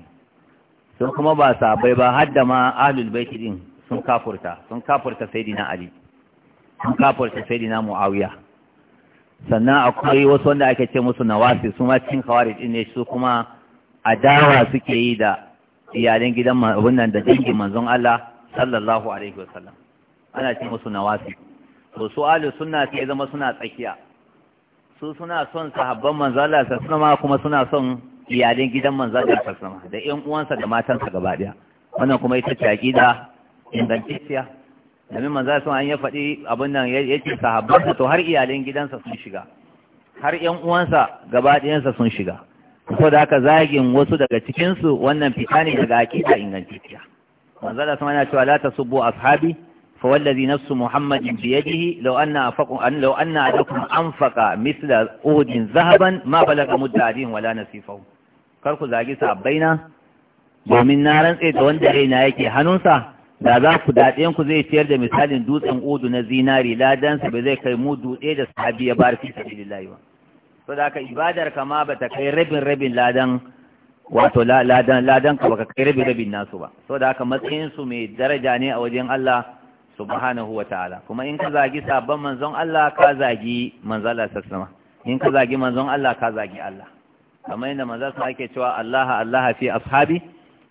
sun kuma ba sabai ba har da ma ahlul baiti din sun kafurta sun kafurta sayyidina ali sun kafurta sayyidina muawiya sannan akwai wasu wanda ake ce musu nawasi su ma cikin khawarij ne su kuma adawa suke yi da iyalan gidan wannan da dangin manzon Allah sallallahu alaihi wasallam ana ce musu nawasi to su ahlus sunna sai zama suna tsakiya su suna son sahabban manzala sama kuma suna son iyalin gidan manzala sama da ƴan uwansa da matansa gaba ɗaya wannan kuma ita ce aƙida ingantacciya domin manzala sun an ya faɗi abin nan yake sahabban sahabbansa to har iyalin gidansa sun shiga har ƴan uwansa gaba ɗayansa sun shiga saboda haka zagin wasu daga cikinsu wannan fita ne daga aƙida ingantacciya manzala sun ana cewa la tasubbu ashabi فوالذي نفس محمد بيده لو أن أفق أن لو أن أحدكم أنفق مثل أهد ذهبا ما بلغ مد أحدهم ولا نصيفه كركو زاجي سابينا domin na rantse ta wanda raina yake hannunsa da za ku daɗe ku zai ciyar da misalin dutsen udu na zinari ladansa ba zai kai mu dutse da sahabi ya bar fi sabilillahi to da ka ibadar ma bata kai rabin rabin ladan wato ladan ladan ka baka kai rabin rabin nasu ba to da matsayin su mai daraja ne a wajen Allah subhanahu wa ta'ala kuma in ka zagi sabon manzon Allah ka zagi manzon Allah sassama in ka zagi manzon Allah ka zagi Allah kamar yadda manzon sa ake cewa Allah Allah fi ashabi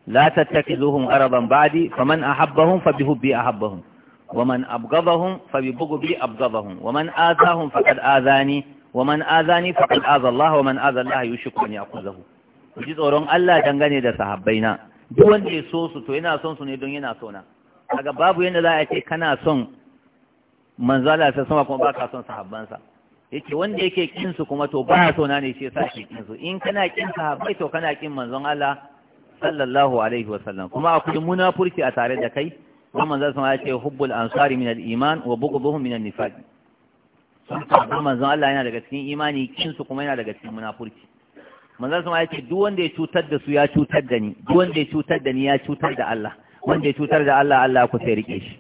la tattakizuhum araban ba'di faman ahabbahum fa bihubbi ahabbahum ومن أبغضهم فببغضي أبغضهم ومن آذاهم فقد آذاني ومن آذاني فقد آذى الله ومن آذى الله يشك أن يأخذه ji tsoron Allah dangane da sahabbaina duk wanda ya so su to yana son su ne don yana so na. kaga babu yadda za a ce kana son manzo Allah sai sama kuma baka son sahabbansa yake wanda yake kin su kuma to ba so na ne shi yasa shi kin su in kana kin sahabbai to kana kin manzon Allah sallallahu alaihi wa sallam kuma akwai munafurci a tare da kai kuma manzo sama ya hubbul ansari min al-iman wa bughduhum min an-nifaq sahabban manzon Allah yana daga cikin imani kin su kuma yana daga cikin munafurci manzo sama ya duk wanda ya cutar da su ya cutar da ni duk wanda ya cutar da ni ya cutar da Allah wanda ya cutar da Allah Allah ku sai rike shi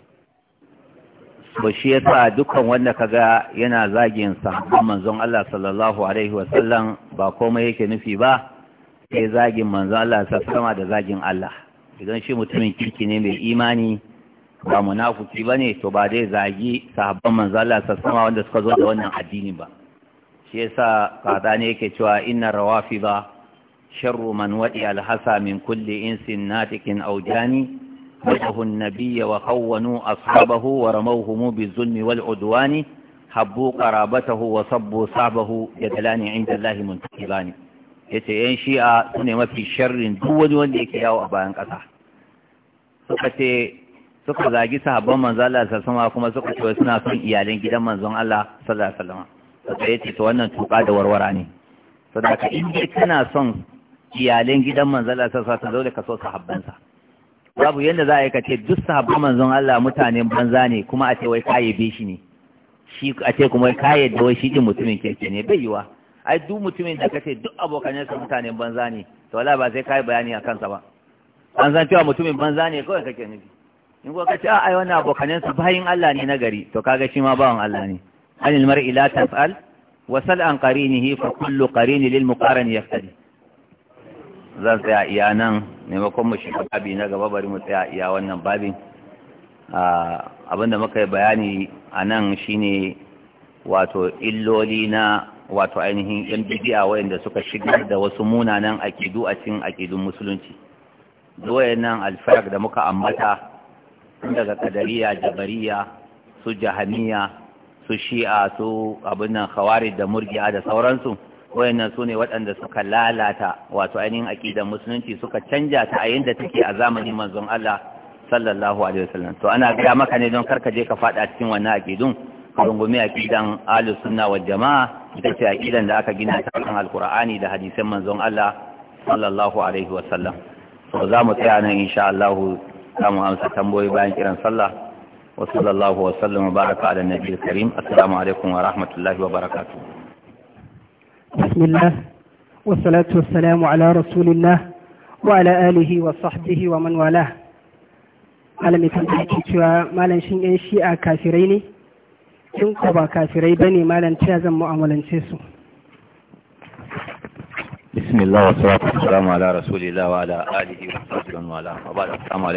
ba shi ya sa dukkan wanda ka ga yana zagin sahabban manzon Allah sallallahu alaihi wasallam ba komai yake nufi ba sai zagin manzon Allah sama da zagin Allah idan shi mutumin kirki ne mai imani ba munafiki ne, to ba dai zagi sahabban manzon Allah sama wanda suka zo da wannan addini ba shi yasa kada ne yake cewa inna rawafida sharru man wadi alhasa min kulli insin natikin aujani jani مدحوا النبي وخونوا أصحابه ورموهم بالظلم والعدوان habbu قرابته وصبوا صعبه sabahu عند الله منتقبان muntakibani yace yan shi'a sune mafi sharrin duk wani wanda yake yawo a bayan kasa suka zagi sahabban manzon Allah sallallahu kuma suka ce suna son iyalan gidan manzon Allah sallallahu alaihi wasallam sai yace to wannan tuka da warwara ne saboda in kana son iyalan gidan manzon Allah sallallahu alaihi wasallam dole ka so babu yadda za a yi kace duk sahabban manzon Allah mutanen banza ne kuma a ce wai kaye be shi ne shi a ce kuma kaye da wai shi din mutumin kirki ne bai yiwa ai duk mutumin da kace duk sa mutanen banza ne to wala ba sai kai bayani a kansa ba an san cewa mutumin banza ne kawai kake nufi in ko kace ai wannan sa bayin Allah ne na gari to kaga shi ma bawan Allah ne anil mar'i la tas'al wa sal an qarinihi fa kullu qarin lil muqarin yaftadi zan tsaya iya nan maimakon mu shiga babi na gaba bari mu tsaya iya wannan babin abinda muka yi bayani a nan shi ne, wato illoli na wato ainihin yan bidiya wayanda suka shigar da wasu munanan akidu a cikin akidun musulunci nan alfarak da muka ambata daga kadariya jabariya su jahaniya su shi'a su abin nan khawarij da murgiya da sauransu wayannan sune waɗanda suka lalata wato ainihin aqidar musulunci suka canja ta a yadda take a zamanin manzon Allah sallallahu alaihi wasallam to ana gaya maka ne don karka je ka fada cikin wannan aqidun rungumi aqidan ahlus sunna wal jamaa ita ce aqidan da aka gina ta kan alqur'ani da hadisan manzon Allah sallallahu alaihi wasallam to za mu tsaya nan insha Allah za mu amsa tambayoyi bayan kiran sallah wa sallallahu wa sallam wa baraka ala nabiyil karim assalamu alaikum wa rahmatullahi wa barakatuh بسم الله والصلاة والسلام على رسول الله وعلى آله وصحبه ومن والاه malami malam shin shi'a kafirai ne in ko ba kafirai ba ne zan mu'amalance su bismillah wa salatu ala rasulillah wa ala alihi wa sahbihi wa ala wa ba'da assalamu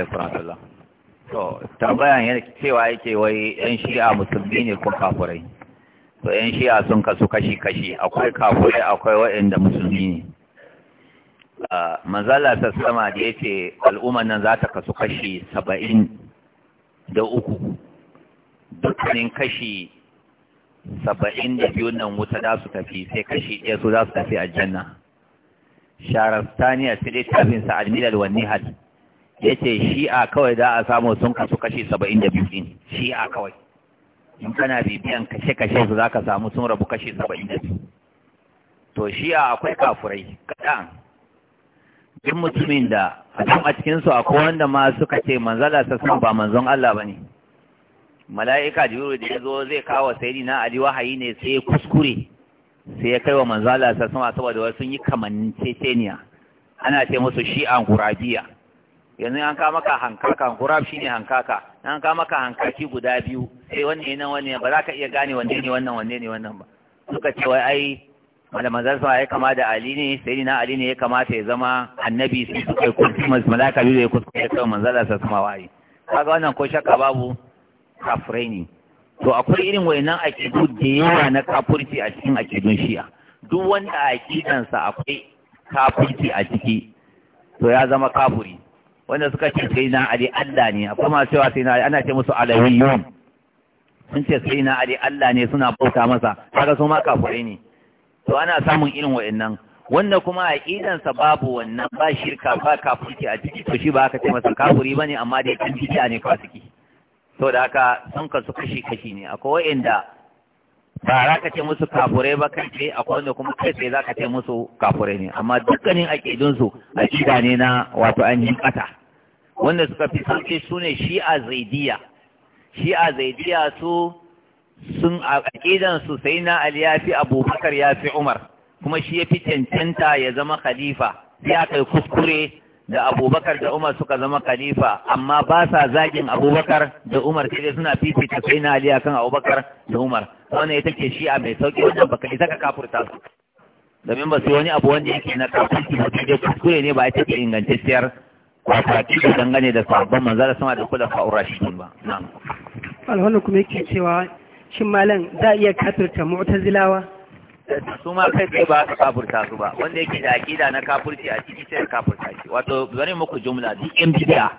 cewa yake wai yan shi'a musulmi ne ko kafirai to yan shi'a sun kasu kashi-kashi akwai kafurai akwai waɗanda musulmi ne manzala ta sama da ya ce al'umman nan za ta kasu kashi saba'in da uku dukkanin kashi saba'in da biyu nan wuta za su tafi sai kashi ɗaya su za su tafi aljanna sharastaniya sai dai tafin sa almilal wa nihal ya ce shi'a kawai za a samu sun kasu kashi saba'in da shi'a kawai in kana bibiyan kashe-kashe su za ka samu sun rabu kashe saba'in da biyu to shi a akwai kafurai kaɗan duk mutumin da a cikin a cikinsu akwai wanda ma suka ce manzala ta san ba manzon Allah ba ne mala'ika jibiru da ya zo zai kawo sayidi na ali wahayi ne sai ya kuskure sai ya kai wa manzala ta sama saboda wasu yi ceceniya ana ce musu shi'an gurabiya yanzu an ka maka hankaka gurab shine hankaka an ka maka hankaki guda biyu sai wanne ne wanne ba za ka iya gane wanne ne wannan wanne ne wannan ba suka ce wai ai malaman zarsa ya kama da ali ne sai na ali ne ya kamata ya zama annabi sai suka yi kuskure malaka biyu da ya kuskure kan manzala sa kuma wai kaga wannan ko shakka babu kafirai ne to akwai irin wayannan akidu da yawa na kafirci a cikin akidun shi'a duk wanda a akidansa akwai kafirci a ciki to ya zama kafiri wanda suka ce sai na ali Allah ne akwai masu cewa sai na ali ana ce musu alawiyun sun ce sai na ali Allah ne suna bauta masa haka su ma kafure ne to ana samun irin wa'annan wanda kuma a sa babu wannan ba shirka ba kafurki a ciki to shi ba aka ce masa kafuri ba ne amma dai kan jiya ne fasiki to da haka sun su kashi kashi ne akwai wa'anda ba za ka ce musu kafurai ba kai ce akwai wanda kuma kai tsaye za ka ce musu kafurai ne amma dukkanin aƙidunsu aƙida ne na wato an yi ƙasa wanda suka fi sauki su ne shi'a zaidiya shi'a zaidiya su sun a ƙidan su sai na ali ya fi abubakar ya fi umar kuma shi ya fi cancanta ya zama khalifa ya kai kuskure da abubakar da umar suka zama khalifa amma ba sa zagin abubakar da umar sai dai suna fifita sai na ali akan abubakar da umar wannan ita ce shi'a mai sauƙi wannan baka isa ka kafurta su domin ba su wani abu wanda yake na kafurci ba sai kuskure ne ba ita ke ingantacciyar kwataki da dangane da sabon manzara sama da kula fa'ura shi ba alhannu kuma yake cewa shi malam za iya kafirta mu'tazilawa su ma kai kai ba ka kafirta su ba wanda yake da akida na kafurci a ciki sai kafirta shi wato bari muku jumla duk yan bid'a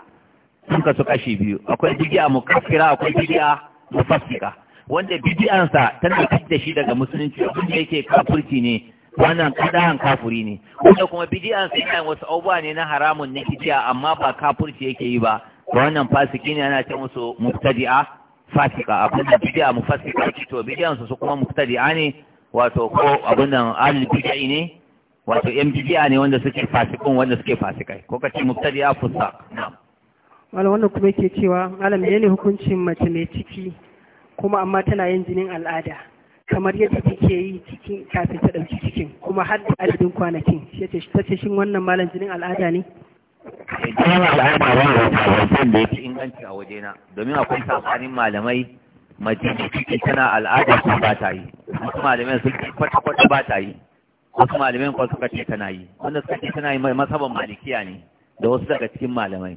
sun su kashi biyu akwai mu mukaffira akwai mu mufassika wanda bid'ansa tana fitar shi daga musulunci abin da yake kafurci ne wannan kadan kafuri ne wanda kuma bidiyan sai kan wasu abubuwa ne na haramun na kiciya, amma ba kafurci yake yi ba wannan fasiki ne ana ce musu mubtadi'a fasika abin da bidiya mufassika ce to bidiyan su kuma mubtadi'a ne wato ko abin nan alil bid'i ne wato yan bidiya ne wanda suke fasikun wanda suke fasikai ko kace mubtadi'a fusa Wala wannan kuma yake cewa malam ne hukuncin mace mai ciki kuma amma tana yin jinin al'ada kamar yadda take yi cikin kafin ta ɗauki cikin kuma har da adadin kwanakin ta ce shin wannan malam jinin al'ada ne jinin al'ada a wajen da ya fi inganci a wajena domin akwai sabanin malamai majini cikin tana al'ada ko ba ta yi wasu malamai sun ce kwata-kwata ba ta yi wasu malamai kwa suka ce tana yi wanda suka ce tana yi masaban malikiya ne da wasu daga cikin malamai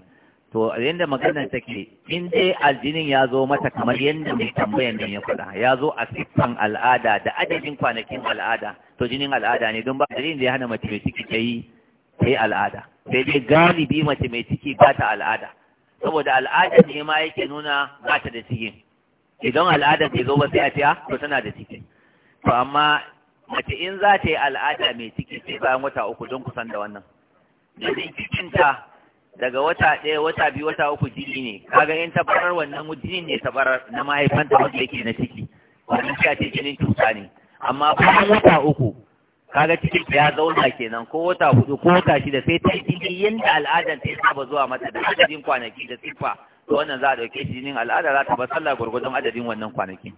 to yadda magana take in dai aljinin ya zo mata kamar yadda mai tambayan nan ya faɗa ya zo a siffan al'ada da adadin kwanakin al'ada to jinin al'ada ne don ba da ya hana mace mai ciki ta yi ta yi al'ada sai dai galibi mace mai ciki ba ta al'ada saboda al'ada ne ma yake nuna ba ta da ciki idan al'ada bai zo ba sai a ce ah, to tana da ciki to amma mace in za ta yi al'ada mai ciki sai bayan wata uku don kusan da wannan da cikinta daga wata ɗaya wata biyu wata uku jini ne kaga in tabarar wannan jinin ne tabarar na mahaifanta wanda yake na ciki wannan shi a ce jinin cuta ne amma bayan wata uku kaga cikin ya zauna kenan ko wata hudu ko wata shida sai ta jini yadda al'adar ta saba zuwa mata da adadin kwanaki da siffa to wannan za a dauke shi jinin al'ada za ta bar sallah gwargwadon adadin wannan kwanaki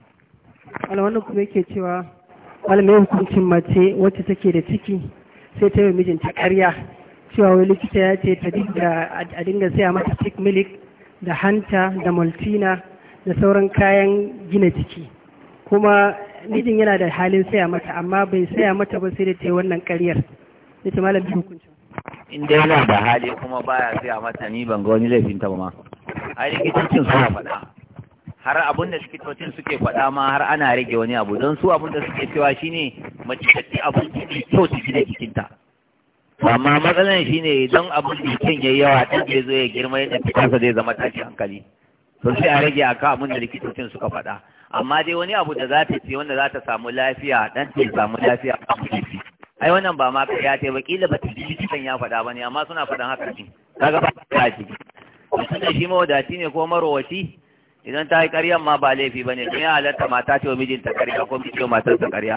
ala wannan kuma yake cewa malamai hukuncin mace wacce take da ciki sai ta yi mijinta ƙarya. cewa wai likita ya ce ta a dinga saya mata thick milk da hanta da maltina da sauran kayan gina jiki kuma nijin yana da halin saya mata amma bai saya mata ba sai da ta wannan karyar da ta malam hukuncin in dai yana da hali kuma baya saya mata ni ban ga wani laifin ta ba ma ai likitocin suna faɗa har abun da likitocin suke faɗa ma har ana rage wani abu don su abun da suke cewa shine mace ta ci abinci mai kyau ta gina jikinta amma matsalan shi ne don abin da kyan ya yawa ɗan ke zo ya girma yadda fitarsa zai zama tashi hankali to sai a rage akan abin da likitocin suka faɗa amma dai wani abu da za ta ce wanda za ta samu lafiya ɗan ta samu lafiya a mutunci ai wannan ba ma ya ta ba kila ba ta ji likitan ya faɗa ba ne amma suna faɗan haka ne kaga ba ta ji mutum shi mawadaci ne ko marowaci idan ta yi ƙaryan ma ba laifi ba ne don ya halatta mata ce wa mijinta ƙarya ko mijin matarsa ƙarya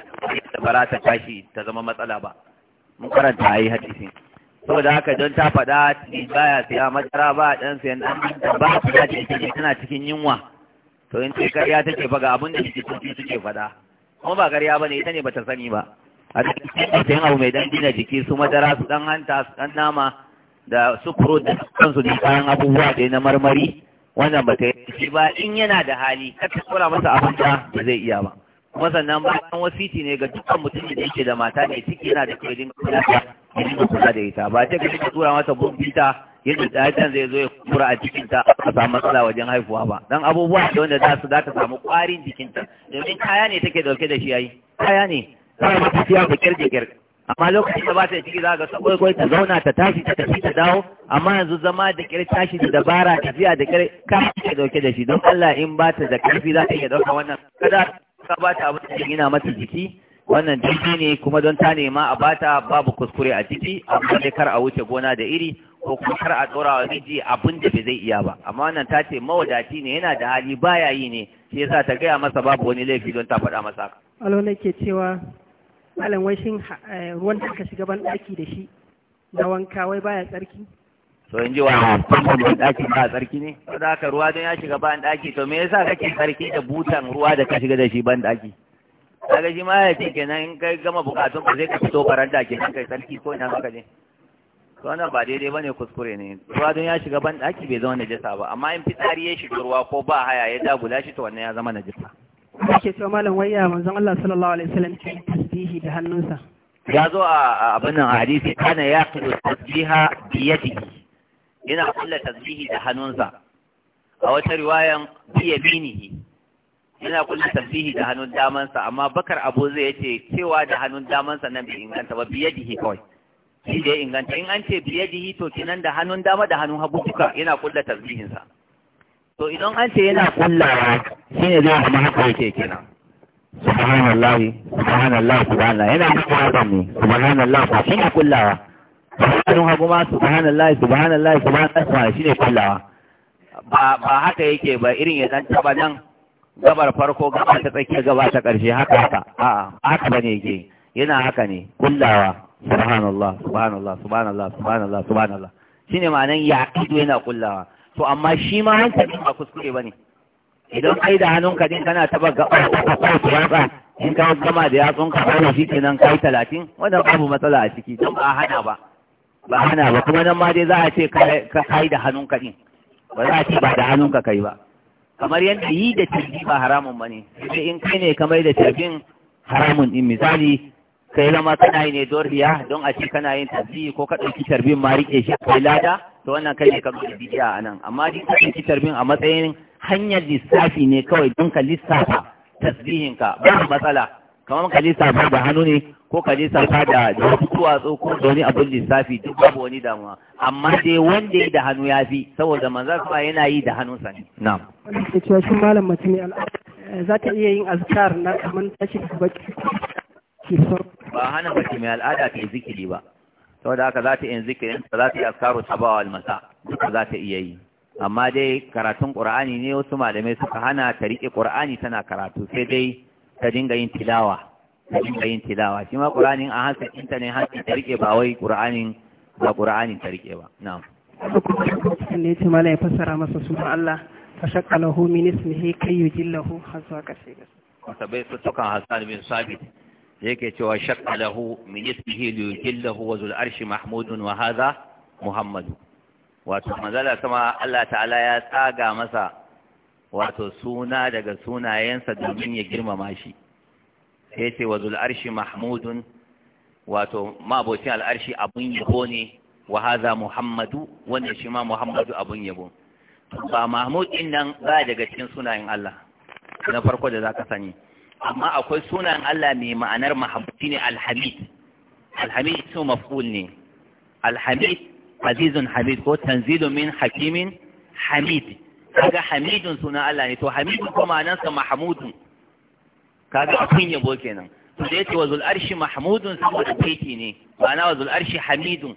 ba za ta tashi ta zama matsala ba mun karanta a yi hadisi saboda haka don ta faɗa ni baya siya madara ba ɗan siyan ɗan ɗan ba ta dace take tana cikin yunwa to in ce ƙarya take fa ga abin da take suke faɗa kuma ba ƙarya ne, ita ne bata sani ba a cikin sayan abu mai ɗan gina jiki su madara su ɗan hanta su ɗan nama da su furo da kansu ne kayan abubuwa da na marmari wannan ba ta yi ba in yana da hali kar ta tsora masa abin da ba zai iya ba kuma sannan bayan wasiti ne ga dukkan mutumin da yake da mata ne ciki yana da kwaidin dinga kula da dinga kula da ita ba ce ka dinga tura mata bumbita yadda ɗayan zai zo ya kura a jikinta a samu matsala wajen haifuwa ba dan abubuwa da wanda za su za ta samu ƙwarin jikinta domin kaya ne take dauke da shi yayi kaya ne kaya ba ta fiya bakir da kirge amma lokacin da ba ta ciki za ga saboda kawai ta zauna ta tashi ta tafi ta dawo amma yanzu zama da kyar tashi da dabara ta jiya da kyar ka ke dauke da shi don Allah in ba ta da karfi za ta iya dauka wannan kada ka bata abin da gina mata jiki wannan jiki ne kuma don ta nema a bata babu kuskure a jiki amma dai kar a wuce gona da iri ko kuma kar a tsora wa miji abin da bai zai iya ba amma wannan ta ce mawadaci ne yana da hali baya yi ne shi yasa ta gaya masa babu wani laifi don ta faɗa masa haka. Alo nake cewa malam wai shin eh, ruwan da aka shiga ban ɗaki da shi na wanka wai baya tsarki? to in ji wani kuma daki ba tsarki ne ko da haka ruwa don ya shiga ban daki to me yasa kake tsarki da butan ruwa da ka shiga da shi ban daki kaga shi ma ya ce kenan in kai gama bukatun ka sai ka fito faranta kenan kai tsarki ko ina maka ne to wannan ba daidai bane kuskure ne ruwa don ya shiga ban daki bai zama najasa ba amma in fitsari ya shiga ruwa ko ba haya ya dagula shi to wannan ya zama najasa ake cewa malam wayya manzon Allah sallallahu alaihi wasallam ke tasbihi da hannunsa ya zo a abin nan a hadisi kana yaqilu tasbiha bi yadihi yana kulla tasbihi da hannunsa a wata riwayan biya binihi yana kulla tasbihi da hannun damansa amma bakar abu zai yace cewa da hannun damansa nan bai inganta ba dihi kawai shi da ya inganta in an ce dihi to kinan da hannun dama da hannun hagu duka yana kulla tasbihinsa to idan an ce yana kullawa shine zai zama haka yake kenan subhanallahi subhanallahi subhanallahi yana kuma ne subhanallah ba shine kullawa hannun hagu ma subhanallah subhanallah subhanallah shine kullawa ba ba haka yake ba irin ya dan taba nan gabar farko gaba ta tsakiya gaba ta ƙarshe haka haka a'a haka bane yake yana haka ne kullawa subhanallah subhanallah subhanallah subhanallah subhanallah shine ma'anan ya ido yana kullawa to amma shi ma hankalin ba kuskure bane idan kai da hannunka din kana taba gaba ko tsaka in ka gama da yatsun ka kana shi kenan kai 30 wannan babu matsala a ciki don ba hana ba ba hana ba kuma nan ma dai za a ce ka kai da hannunka din ba za a ce ba da hannunka kai ba kamar yadda yi da tarbi ba haramun ba ne sai in kai ne kamar da tarbin haramun din misali kai zama kana yi ne don don a ce kana yin tarbi ko ka ɗauki tarbin ma rike shi kai lada to wannan kai ne ka da bidiya a nan amma dai ka ɗauki tarbin a matsayin hanyar lissafi ne kawai don ka lissafa tasbihinka ba matsala kamar ka lissafa da hannu ne ko ka je saka da duwatsu ko da wani abin lissafi duk babu wani damuwa amma dai wanda ya da hannu ya fi saboda su kuma yana yi da hannunsa ne na'am shi malam eh, za ta iya yin azkar na kaman tashi da baki ba hana baki mai al'ada ta zikiri ba saboda haka za ta yin zikirin za ta yi azkaru ta bawa almasa duka za ta iya yi amma dai karatun ƙur'ani ne wasu malamai suka hana ta riƙe ƙur'ani tana karatu sai dai ta dinga yin tilawa ta bayin tilawa shi ma qur'anin a hankali ɗinta ne hankali ta rike ba wai qur'anin ba qur'anin ta rike ba na'am ne ce mala ya fassara masa suna Allah fa shaqqa lahu min ismihi kay yujillahu hazwa kasai wata bai tuttukan Hassan bin Sabit yake cewa shaqqa lahu min ismihi li yujillahu wa zul arshi mahmudun wa hadha muhammadu wato manzala sama Allah ta'ala ya tsaga masa wato suna daga sunayensa domin ya girmama shi sai ce wa zul'arshi mahmudun wato ma'abocin al'arshi abun yabo ne wa haza muhammadu wanda shi ma muhammadu abun yabo ba mahmud din nan ba daga cikin sunayen Allah na farko da za ka sani amma akwai sunayen Allah mai ma'anar mahmud shine alhamid alhamid su maf'ul ne alhamid azizun hamid ko tanzilun min hakimin hamid kaga hamidun sunan Allah ne to hamidun ko ma'anarsa mahmudun kaga akun yabo kenan to da yake wazul arshi mahmudun saboda baiti ne ma'ana wa arshi hamidun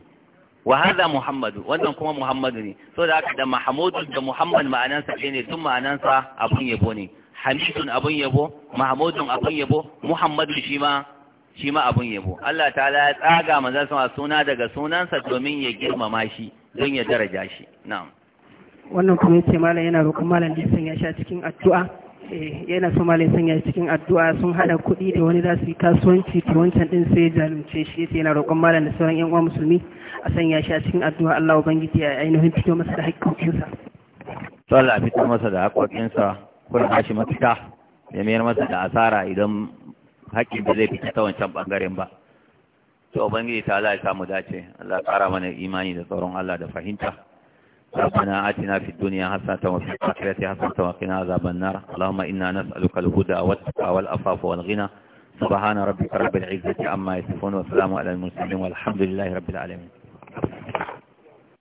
wa hadha muhammadu wannan kuma muhammadu ne so da haka da mahmudun da muhammad ma'anansa ɗaya ne tun ma'anansa abun yabo ne hamidun abun yabo mahmudun abun yabo muhammadu shi ma shi ma abun yabo Allah ta'ala ya tsaga manzon sa suna daga sunansa domin ya girmama shi don ya daraja shi na'am wannan kuma yace malam yana roƙon malam da ya sanya shi cikin addu'a Eh, yana so malai sanya cikin addu'a sun hada kuɗi da wani za su yi kasuwanci to wancan din sai jalumce shi yace yana roƙon malam da sauran yan uwa musulmi a sanya shi a cikin addu'a Allah ubangiji ya ainihin fito masa da haƙƙoƙinsa to Allah fito masa da haƙƙoƙinsa kun hashi mafita ya mayar masa da asara idan haƙƙin da zai fita ta wancan bangaren ba to ubangiji ta Allah ya samu dace Allah ya ƙara mana imani da tsoron Allah da fahimta ربنا آتنا في الدنيا حسنة وفي الآخرة حسنة وقنا عذاب النار اللهم إنا نسألك الهدى والتقى والأفاف والغنى سبحان ربك رب العزة عما يصفون وسلام على المرسلين والحمد لله رب العالمين